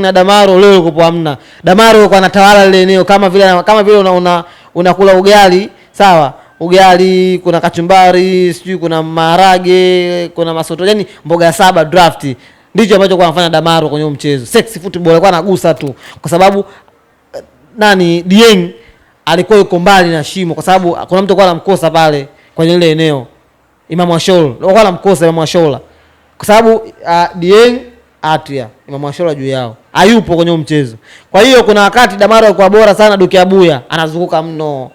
na Damaro leo yuko hamna. Damaro yuko anatawala lile eneo kama vile kama vile unakula una, una ugali, sawa? Ugali kuna kachumbari, sijui kuna maharage, kuna masoto, yani mboga saba draft. Ndicho ambacho kwa anafanya Damaro kwenye mchezo. Sexy football alikuwa anagusa tu kwa sababu eh, nani Dieng alikuwa yuko mbali na shimo kwa sababu kuna mtu alikuwa anamkosa pale kwenye ile eneo. Imam Ashol alikuwa anamkosa Imam Ashola kwa sababu uh, Dieng Atia, Imam Ashura juu yao hayupo kwenye mchezo. Kwa hiyo kuna wakati Damaro alikuwa bora sana Duke Abuya anazunguka mno.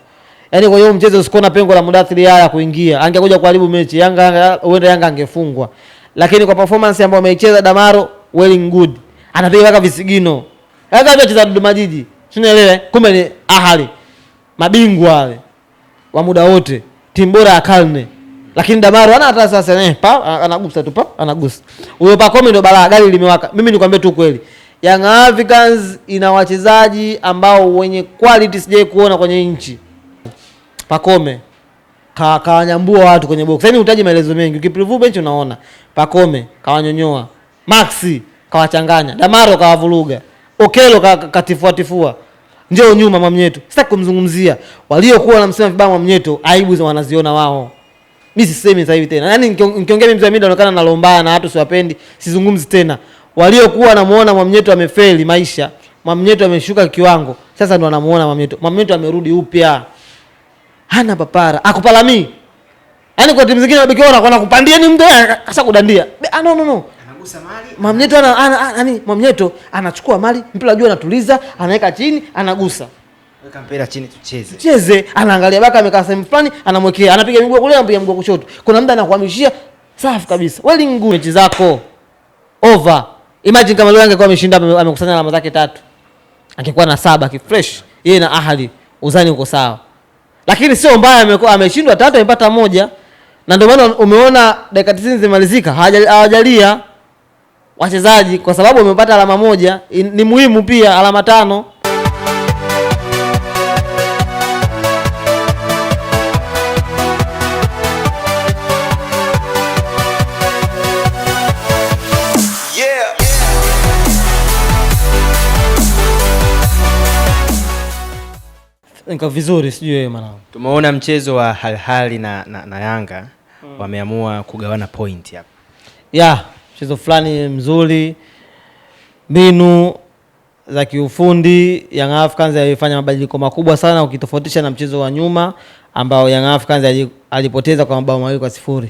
Yaani kwa hiyo mchezo sikuona pengo la Mudathiri Yaya kuingia. Angekuja kuharibu mechi. Yanga huenda Yanga angefungwa. Lakini kwa performance ambayo ameicheza Damaro well and good. Anapiga mpaka visigino. Hata yaani hivyo cheza Dodoma Jiji. Tunaelewa kumbe ni ahali. Mabingwa wale wa muda wote. Timu bora ya karne. Lakini Damaru ana hata sasa eh, pa anagusa tu pa anagusa. Huyo Pacome ndo balaa, gari limewaka. Mimi nikwambie tu kweli. Young Africans ina wachezaji ambao wenye quality sijai kuona kwenye nchi. Pacome ka kawanyambua watu kwenye box. Yaani utaji maelezo mengi. Ukipreview bench unaona. Pakome kawanyonyoa. Maxi kawachanganya. Damaro kawavuruga. Okelo katifuatifua. Njoo nyuma mamnyeto. Sitaki kumzungumzia. Waliokuwa wanamsema vibaya mamnyeto, aibu za wanaziona wao mi sisemi sasa hivi tena, yaani nikiongea mimi mzee naonekana nalombana na watu siwapendi, sizungumzi tena. Waliokuwa namuona Mwamnyeto amefeli maisha, Mwamnyeto ameshuka kiwango, sasa ndo anamuona Mwamnyeto, Mwamnyeto amerudi upya, hana papara, akupalami. Yaani kwa timu zingine wabiki wana wanakuwa kupandia ni mtu sasa kudandia. Ah, no no no. Anagusa ana, ana, ana, ana, ana, ana, ana, anachukua mali, mpira juu anatuliza, anaweka chini, anagusa. Weka mpira chini tucheze. Tucheze, anaangalia baka amekaa sehemu fulani, anamwekea, anapiga mguu anapiga mguu kushoto. Kuna muda anakuhamishia safi kabisa. mechi zako over. Imagine kama leo angekuwa ameshinda amekusanya alama zake tatu. Angekuwa na saba Yeye na Ahli uzani uko sawa. Lakini sio mbaya amekuwa ameshindwa tatu amepata moja. Na ndio maana umeona dakika tisini zimalizika, hawajalia wachezaji kwa sababu amepata alama moja, ni muhimu pia alama tano. nika vizuri, sijui wewe mwanangu. Tumeona mchezo wa halhali na, na, na Yanga hmm. wameamua kugawana point hapa ya yeah, mchezo fulani mzuri, mbinu za kiufundi Young Africans alifanya mabadiliko makubwa sana ukitofautisha na mchezo wa nyuma ambao Young Africans alipoteza kwa mabao mawili kwa sifuri.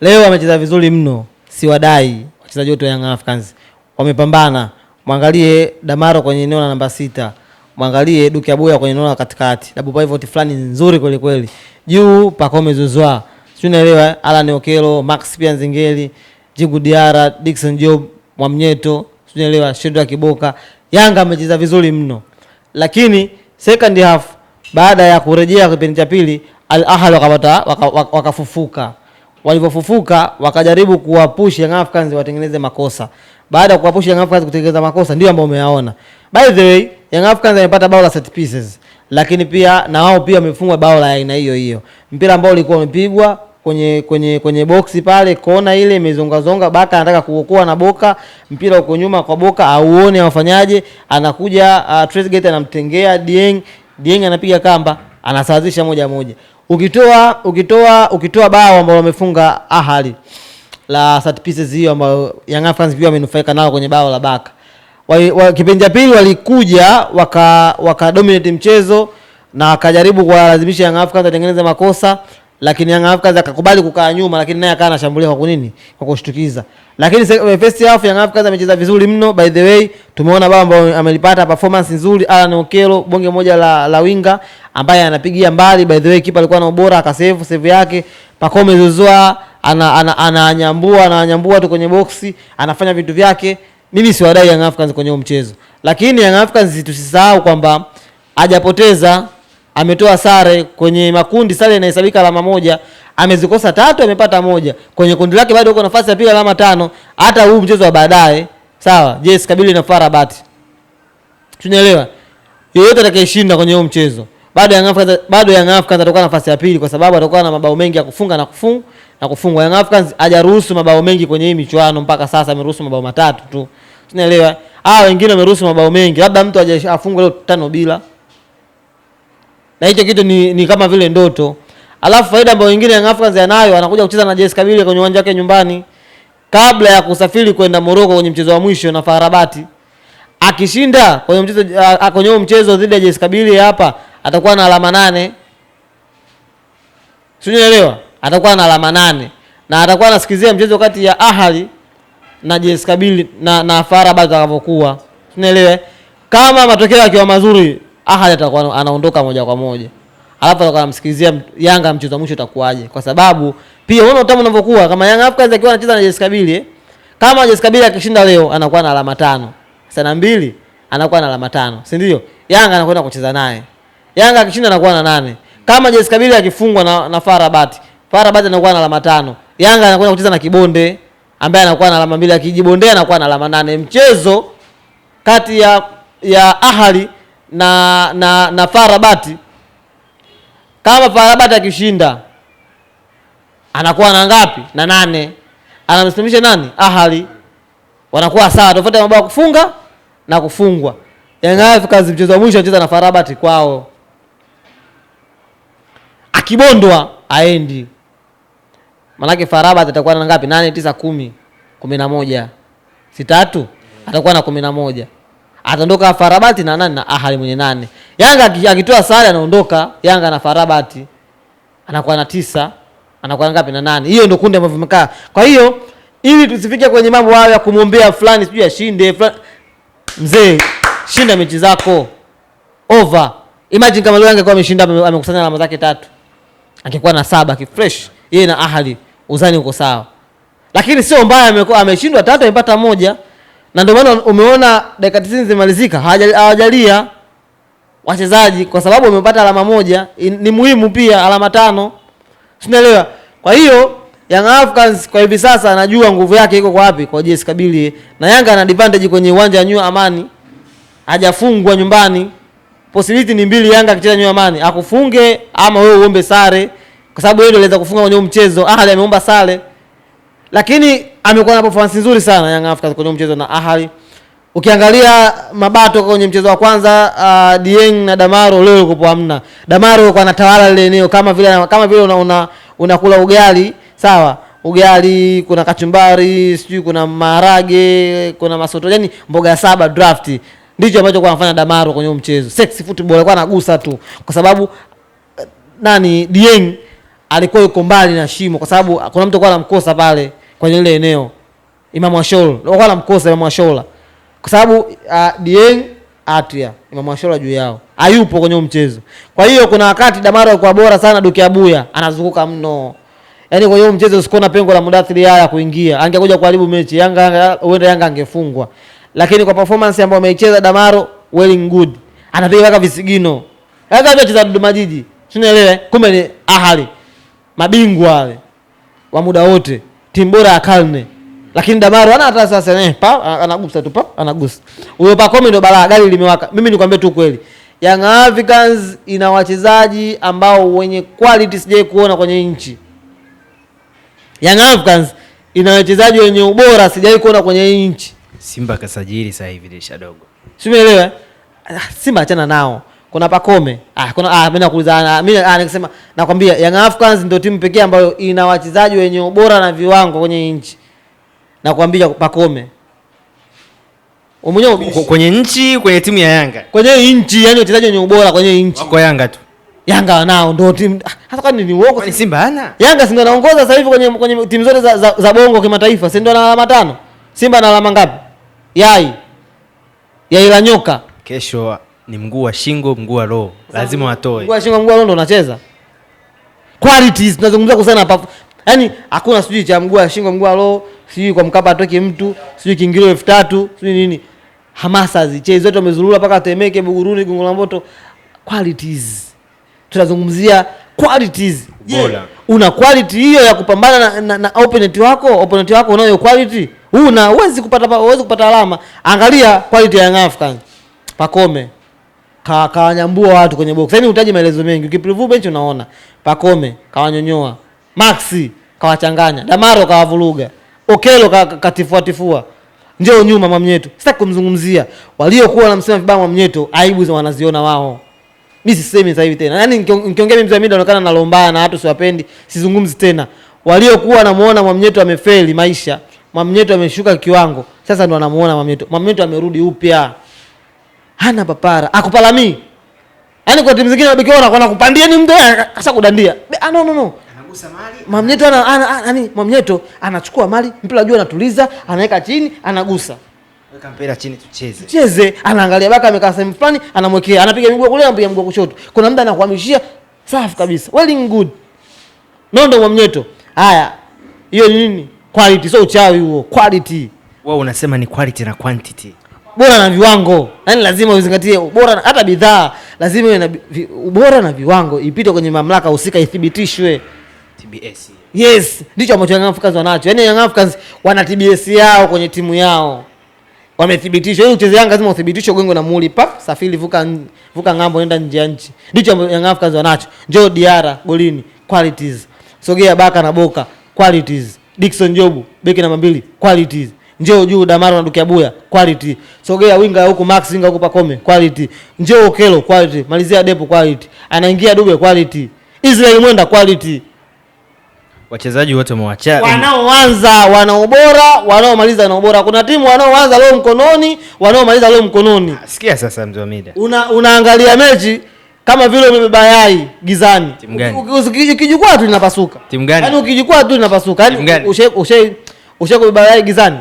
Leo wamecheza vizuri mno, siwadai wachezaji wote wa Young Africans wamepambana. Mwangalie Damaro kwenye eneo la namba sita mwangalie Duke Abuya kwenye eneo la katikati, double pivot fulani nzuri kweli kweli, juu Pacome Zouzoua, sio unaelewa, Alan Okelo, Max Pia Nzingeli, Jigu Diara, Dixon Job, Mwamnyeto, sio unaelewa, Shedrack Kiboka. Yanga amecheza vizuri mno, lakini second half baada ya kurejea kipindi cha pili Al Ahly wakapata wakafufuka waka walivyofufuka wakajaribu kuwapush Young Africans watengeneze makosa. Baada ya kuwapush Young Africans kutengeneza makosa, ndio ambao umeyaona. By the way, Young Africans amepata bao la set pieces, lakini pia na wao pia wamefungwa bao la aina hiyo hiyo, mpira ambao ulikuwa umepigwa kwenye kwenye kwenye boksi pale, kona ile imezonga zonga, Baka anataka kuokoa na Boka, mpira uko nyuma kwa Boka, auone afanyaje, anakuja uh, Trezeguet anamtengea Dieng, Dieng anapiga kamba, anasawazisha moja moja. Ukitoa ukitoa ukitoa bao ambalo wamefunga Ahali la set pieces hiyo ambayo Young Africans pia wamenufaika nao kwenye bao la Baka Kipindi cha pili walikuja waka, waka dominate mchezo na akajaribu kuwalazimisha Young Africans atengeneze makosa, lakini Young Africans akakubali kukaa nyuma, lakini naye akawa anashambulia kwa kunini, kwa kushtukiza. Lakini eh, first half Young Africans amecheza vizuri mno. By the way, tumeona baba ambao amelipata performance nzuri, Alan Okelo, bonge moja la, la winga ambaye anapigia mbali. By the way, kipa alikuwa na ubora, akasave save yake. Pacome Zouzoua ananyambua ana, ana, ananyambua tu kwenye boksi, anafanya vitu vyake mimi siwadai Young Africans kwenye huo mchezo, lakini Young Africans tusisahau kwamba hajapoteza, ametoa sare kwenye makundi, sare inahesabika alama moja, amezikosa tatu, amepata moja. Kwenye kundi lake bado uko nafasi ya pili, alama tano. Hata huu mchezo wa baadaye, sawa, yes, kabili na Far Rabat, tunaelewa yeyote atakayeshinda kwenye huo mchezo bado Young Africans bado Young Africans atakuwa nafasi ya pili, kwa sababu atakuwa na mabao mengi ya kufunga na kufunga na kufungwa. Young Africans hajaruhusu mabao mengi kwenye hii michuano mpaka sasa, ameruhusu mabao matatu tu, tunaelewa. Ah, wengine wameruhusu mabao mengi, labda mtu hajafungwa leo tano bila, na hicho kitu ni, ni kama vile ndoto. Alafu faida ambayo wengine Young Africans yanayo, anakuja kucheza na JS Kabylie kwenye uwanja wake nyumbani kabla ya kusafiri kwenda Morocco kwenye mchezo wa mwisho na Farabati. Akishinda kwenye mchezo kwenye huo mchezo dhidi ya JS Kabylie hapa atakuwa na alama nane. Sijaelewa atakuwa na alama nane na atakuwa anasikizia mchezo kati ya Ahali na JS Kabili na na Faraba atakavyokuwa. Tunaelewa kama matokeo yakiwa mazuri Ahali atakuwa anaondoka moja kwa moja. Alafu atakuwa anamsikizia Yanga mchezo wa mwisho utakuwaje? Kwa sababu pia unaona utamu unavyokuwa kama Yanga Africans akiwa anacheza na JS Kabili Kama JS Kabili akishinda leo anakuwa na alama tano. Sana mbili anakuwa na alama tano, si ndio? Yanga anakwenda kucheza naye. Yanga akishinda anakuwa na nane. Kama JS Kabili akifungwa na, na Farabati Fara Farabati anakuwa na alama tano. Yanga anakwenda kucheza na Kibonde ambaye anakuwa na alama mbili, akijibondea anakuwa na alama nane. Mchezo kati ya ya Ahali na na, na Farabati, kama Farabati akishinda anakuwa na ngapi? Na nane. Anamsimamisha nani? Ahali. Wanakuwa sawa, tofauti ya mabao kufunga na kufungwa. Yanga Africans mchezo wa mwisho anacheza na Farabati kwao, akibondwa aendi Maanake Faraba atakuwa na ngapi? nane tisa kumi kumi na moja si atakuwa na kumi na moja ataondoka Farabati na nani? na Ahali mwenye nane. Yanga akitoa sare anaondoka Yanga na Farabati anakuwa na tisa, anakuwa na ngapi? na nane. Hiyo ndio kundi ambavyo vimekaa. Kwa hiyo ili tusifike kwenye mambo hayo ya kumwombea fulani sijui ashinde fulani, mzee, shinda mechi zako over. Imagine kama Yanga angekuwa ameshinda, amekusanya alama zake tatu, angekuwa na saba kifresh, yeye na Ahali uzani uko sawa, lakini sio mbaya, amekuwa ameshindwa tatu amepata moja, na ndio maana umeona dakika tisini zimalizika hawajalia wachezaji kwa sababu wamepata alama moja in, ni muhimu pia alama tano, sinaelewa. Kwa hiyo Young Africans kwa hivi sasa anajua nguvu yake iko kwa wapi, kwa JS Kabylie, na Yanga ana advantage kwenye uwanja wa New Amani, hajafungwa nyumbani. Possibility ni mbili, Yanga akicheza New Amani akufunge ama wewe uombe sare kwa sababu yeye ndio aliweza kufunga kwenye mchezo. Ahali ameomba sare, lakini amekuwa na performance nzuri sana Young Africans kwenye mchezo na Ahali. Ukiangalia mabato kwenye mchezo wa kwanza uh, Dieng na Damaro leo yuko hamna. Damaro yuko anatawala lile eneo kama vile kama vile una, una, ugali, sawa? Ugali kuna kachumbari, sijui kuna maharage, kuna masoto. yani mboga saba draft. Ndicho ambacho kwa anafanya Damaro kwenye mchezo. Sexy football alikuwa anagusa tu kwa sababu eh, nani Dieng alikuwa yuko mbali na shimo, kwa sababu kuna mtu alikuwa anamkosa pale kwenye ile eneo, Imam Ashol alikuwa anamkosa Imam Ashola kwa sababu uh, Dieng Atia Imam Ashola juu yao hayupo kwenye mchezo. Kwa hiyo kuna wakati Damaro alikuwa bora sana Duke Abuya anazunguka mno. Yaani kwa hiyo mchezo usikuwa na pengo la Mudathiri haya kuingia. Angekuja kuharibu mechi. Yanga huenda Yanga angefungwa. Lakini kwa performance ambayo ameicheza Damaro well good. Anapiga mpaka visigino. Hata hajacheza Dodoma Jiji. Tunaelewa kumbe ni ahali mabingwa wale wa muda wote, timu bora ya karne. Lakini Damaro ana hata sasa eh, pa anagusa tu pa anagusa huyo pa Komi, ndo balaa, gari limewaka. Mimi nikwambie tu kweli, Young Africans ina wachezaji ambao wenye quality sijai kuona kwenye nchi. Young Africans ina wachezaji wenye ubora sijai kuona kwenye nchi. Simba kasajili sasa hivi Lisha Dogo, Simeelewa? Eh? Ah, Simba achana nao kuna Pakome. Ah, kuna ah, mimi nakuuliza ah, mimi ah, nikisema nakwambia Young Africans ndio timu pekee ambayo ina wachezaji wenye ubora na viwango kwenye nchi. Nakwambia Pakome. Umenyo kwenye nchi, kwenye timu ya Yanga. Kwenye nchi, yani wachezaji wenye ubora kwenye nchi. Kwa Yanga tu. Yanga wanao ndio timu ah, hata kwani ni uongo. Ni Simba hana. Yanga si ndio anaongoza sasa hivi kwenye kwenye timu zote za, za, za bongo kimataifa, si ndio ana alama tano? Simba ana alama ngapi? Yai. Yai la nyoka. Kesho ni mguu wa shingo, mguu wa roho, lazima watoe. Mguu wa shingo, mguu wa roho ndo unacheza qualities, tunazungumzia kusana hapa. yani hakuna sijui cha mguu wa shingo, mguu wa roho, sijui kwa mkapa atoke mtu, sijui kiingilio elfu sijui nini. Hamasa zichezi zote wamezurura mpaka Temeke, Buguruni, Gongo la Mboto. Qualities tunazungumzia qualities. Yeah. Una quality hiyo ya kupambana na, na, na opponent wako, opponent wako unayo quality. Una uwezi kupata uwezi kupata alama. Angalia quality ya Young Africans. Pakome kawanyambua watu kwenye box. Yaani unahitaji maelezo mengi. Ukipreview bench unaona. Pakome kawanyonyoa. Maxi kawachanganya. Damaro kawavuruga. Okelo katifua tifua. Njoo nyuma Mwamnyeto. Sitaki kumzungumzia. Waliokuwa wanamsema vibaya Mwamnyeto, aibu za wanaziona wao. Mimi sisemi sasa hivi tena. Yaani nikiongea mimi mzee mimi naonekana nalombana na watu siwapendi, sizungumzi tena. Waliokuwa namuona Mwamnyeto amefeli maisha. Mwamnyeto ameshuka kiwango. Sasa ndo anamuona Mwamnyeto. Mwamnyeto amerudi upya hana papara akupalami. Yaani kwa timu zingine mabeki wao nakupandia ni mtu kasa kudandia. Ah, no no no. mamnyeto mali. Mwamnyeto ana yani Mwamnyeto anachukua mali, mpira juu anatuliza, anaweka chini, anagusa. Weka mpira chini tucheze. tucheze anaangalia baka amekaa sehemu fulani, anamwekea, anapiga mguu kule, anapiga mguu kushoto. Kuna muda anakuhamishia safi kabisa. Well in good. Nondo mamnyeto Haya. Hiyo nini? Quality, so uchawi huo. Quality. Wewe unasema ni quality na quantity ubora na viwango, yaani lazima uzingatie ubora, na, hata bidhaa lazima iwe na ubora na viwango, ipite kwenye mamlaka husika ithibitishwe. TBS yes, ndicho ambacho Young Africans wanacho. Yaani Young Africans wana TBS yao kwenye timu yao, wamethibitishwa. Yaani ucheze Yanga lazima uthibitishwe gongo na muli pa, safiri, vuka vuka ng'ambo, nenda nje ya nchi. Ndicho ambacho Young Africans wanacho. Joe Diara golini, qualities. Sogea Baka na Boka, qualities. Dickson Jobu beki namba mbili, qualities njoo juu Damaro na Dukia Buya quality, sogea winga huko Max winga huko Pakome quality, njoo Okelo quality, malizia Depo quality, anaingia Dube quality, Israel Mwenda quality. Wachezaji wote mwacha wanaoanza wana ubora, wanaomaliza na ubora. Kuna timu wanaoanza leo mkononi, wanaomaliza leo mkononi. Ah, sikia sasa, mzee Mida, una unaangalia mechi kama vile umebeba yai gizani. Ukijikwaa tu linapasuka Timu gani? yani ukijikwaa tu linapasuka yani ushe ushe ushe kubeba yai gizani.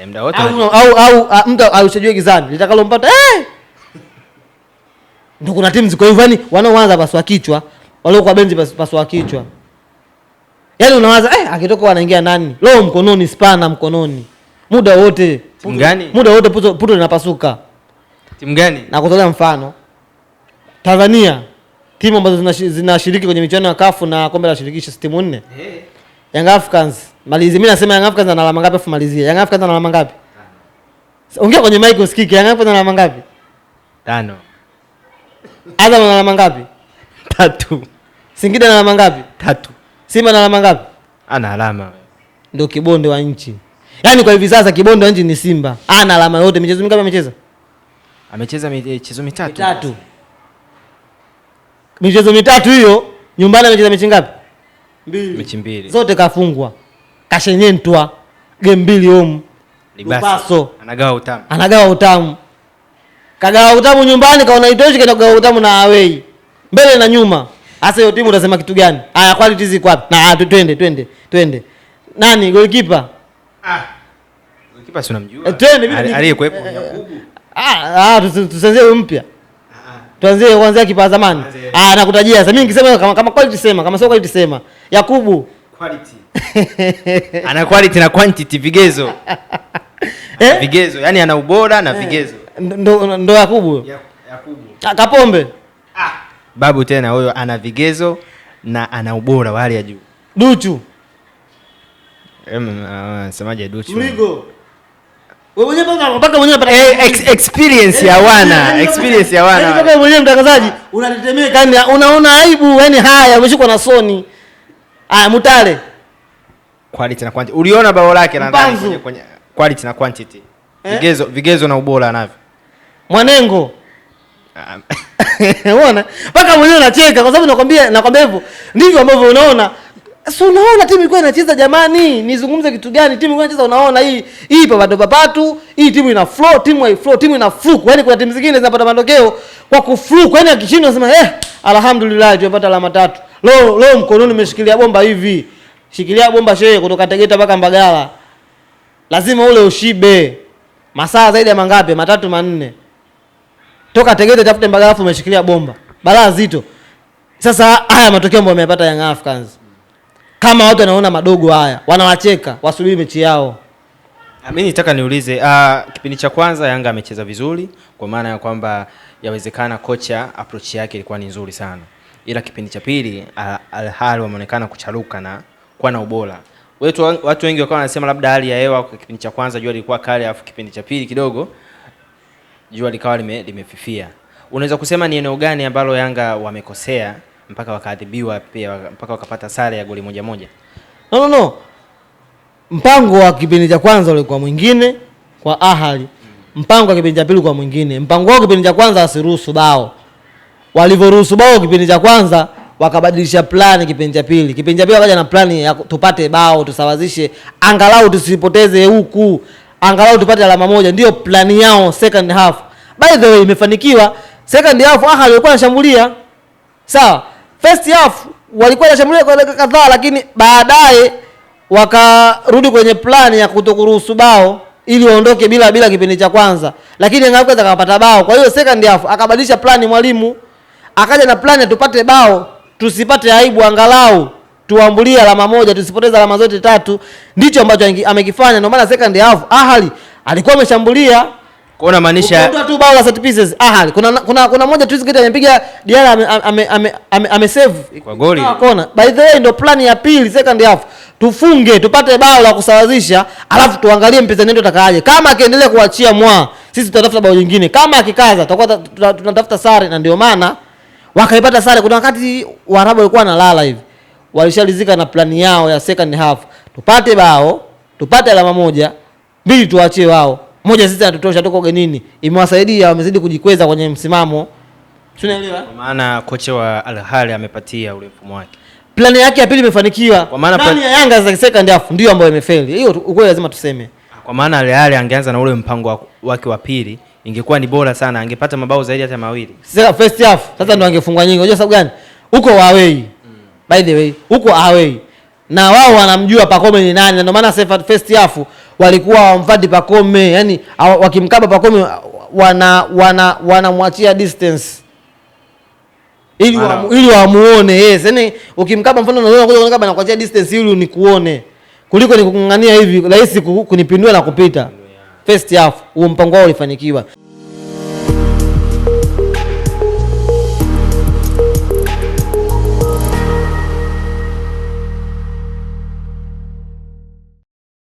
Eh, Mda wote au au au gizani litakalompata eh, ndio kuna timu ziko hivyo, yani wanaoanza paswa kichwa, kwa benzi paswa kichwa, yani unawaza eh, akitoka wanaingia nani leo mkononi, spana mkononi muda wote, timu gani? Muda wote puto puto linapasuka, timu gani? Na kutolea mfano Tanzania, timu ambazo zinashiriki kwenye michuano ya kafu na kombe la shirikisho timu nne, eh. Young Africans Malizi. Mimi nasema Yanga Africans ana alama ngapi afu malizie. Yanga Africans ana alama ngapi? Ongea kwenye mic usikike. Yanga Africans ana alama ngapi? Tano. Azam ana alama ngapi? Tatu. Singida ana alama ngapi? Tatu. Simba ana alama ngapi? Ana alama. Ndio kibonde wa nchi. Yaani kwa hivi sasa kibonde wa nchi ni Simba. Ana alama yote. Michezo mingapi amecheza? Amecheza eh, michezo mitatu. Mitatu. Michezo mitatu hiyo nyumbani amecheza mechi ngapi? Mbili. Mechi mbili. Zote kafungwa kashenyentwa game mbili home Libaso anagawa utamu, anagawa utamu, kagawa utamu nyumbani, kaona itoshi, kaenda kugawa utamu na away, mbele na nyuma. Hasa hiyo timu utasema kitu gani? Haya, quality ziko wapi? Na ah, twende twende twende, nani goalkeeper? Ah, goalkeeper si unamjua, eh, twende mimi aliyekuepo eh, eh, ah Ah, ah, tusianzie ah. mpya, tuanzie kuanzia kipa zamani. Ah, nakutajia sasa. Mimi nikisema kama kama quality sema, kama sio quality sema Yakubu quality. ana quality na quantity vigezo. Eh? Vigezo, yani ana ubora na eh, vigezo. Ndo ndo Yakubu. Yakubu. Kapombe. Ah, babu tena huyo ana vigezo na ana ubora wa hali ya juu. Duchu. Ah, Semaje Duchu? Mligo. Eh, experience ya wana, yaani experience ya wana. Mpaka mwenyewe mtangazaji unatetemeka, unaona aibu, yani haya umeshikwa na soni. Ah, Mutale. Quality na quantity. Uliona bao lake na ndani kwenye, quality na quantity. Eh? Vigezo vigezo na ubora anavyo. Mwanengo. Ah. Unaona? Paka mwenyewe unacheka kwa sababu nakwambia nakwambia hivyo. Ndivyo ambavyo unaona. So unaona timu ilikuwa inacheza jamani, nizungumze kitu gani? Timu ilikuwa inacheza unaona hii hii pa bado papatu, hii timu ina flow, timu hai flow, timu ina fluke. Yaani kuna timu zingine zinapata matokeo kwa kufluke. Yaani akishinda unasema eh, alhamdulillah tumepata alama tatu. Leo leo mkononi umeshikilia bomba hivi. Shikilia bomba shehe kutoka Tegeta mpaka Mbagala. Lazima ule ushibe. Masaa zaidi ya mangapi? Matatu manne. Toka Tegeta tafute Mbagala afu umeshikilia bomba. Balaa zito. Sasa haya matokeo ambayo wameyapata Young Africans. Kama watu wanaona madogo haya, wanawacheka, wasubiri mechi yao. Ah, mimi nitaka niulize uh, kipindi cha kwanza Yanga amecheza vizuri kwa maana ya kwamba yawezekana kocha approach yake ilikuwa ni nzuri sana ila kipindi cha pili Al, wameonekana kucharuka na kuwa na ubora wetu. Watu wengi wakawa wanasema labda hali ya hewa kipindi cha kwanza jua lilikuwa kali, alafu kipindi cha pili kidogo jua likawa lime, limefifia. Unaweza kusema ni eneo gani ambalo Yanga wamekosea mpaka wakaadhibiwa pia mpaka wakapata sare ya goli moja moja? No, no, no. Mpango wa kipindi cha kwanza ulikuwa mwingine kwa Ahali, mm. mpango wa kipindi cha pili kwa mwingine. Mpango wao kipindi cha kwanza asiruhusu bao walivyoruhusu bao kipindi cha kwanza wakabadilisha plani kipindi cha pili. Kipindi cha pili wakaja na plani ya tupate bao tusawazishe, angalau tusipoteze huku, angalau tupate alama moja. Ndio plani yao second half, by the way imefanikiwa. Second half Ahly walikuwa wanashambulia sawa, first half walikuwa wanashambulia kwa dakika kadhaa, lakini baadaye wakarudi kwenye plani ya kutokuruhusu bao ili waondoke bila bila kipindi cha kwanza, lakini Yanga akaweza kupata bao. Kwa hiyo second half akabadilisha plani mwalimu akaja na plani tupate bao, tusipate aibu, angalau tuambulie alama moja, tusipoteze alama zote tatu. Ndicho ambacho amekifanya. Ndio maana second half Ahali alikuwa ameshambulia kuna maanisha tu bao la set pieces Ahali. Kuna kuna kuna moja tu zikita amepiga Diara ame ame, ame, ame, ame save kwa goli kona. By the way, ndio plani ya pili second half, tufunge tupate bao la kusawazisha, alafu tuangalie mpinzani wetu atakaje. Kama akiendelea kuachia mwa sisi tutatafuta bao jingine, kama akikaza tutakuwa tunatafuta sare, na ndio maana wakaipata sare. Kuna wakati Waarabu walikuwa wanalala hivi, walishalizika na plani yao ya second half, tupate bao, tupate alama moja mbili, tuwachie wao moja, sisi hatutosha, tuko genini. Imewasaidia, wamezidi kujikweza kwenye msimamo, tunaelewa. Kwa maana kocha wa Al Ahly amepatia ule mfumo wake, plani yake ya pili imefanikiwa, kwa maana plani ya Yanga za second half ndio ambayo imefeli. Hiyo ukweli lazima tuseme, kwa maana Al Ahly angeanza na ule mpango wake wa pili ingekuwa ni bora sana, angepata mabao zaidi hata mawili. Sasa first half sasa yeah, ndo angefungwa nyingi. Unajua sababu gani? Huko away mm. by the way huko away na wao wanamjua Pacome ni nani, na ndio maana sasa first half walikuwa wamfadi Pacome, yani wakimkaba Pacome wana wana wanamwachia distance ili wa, ili wamuone yeye. Yes. Yani ukimkaba mfano unaona kuja kunikaba na kuachia distance ili unikuone kuliko nikung'ang'ania hivi, rahisi kunipindua na kupita. First half huo mpango wao ulifanikiwa.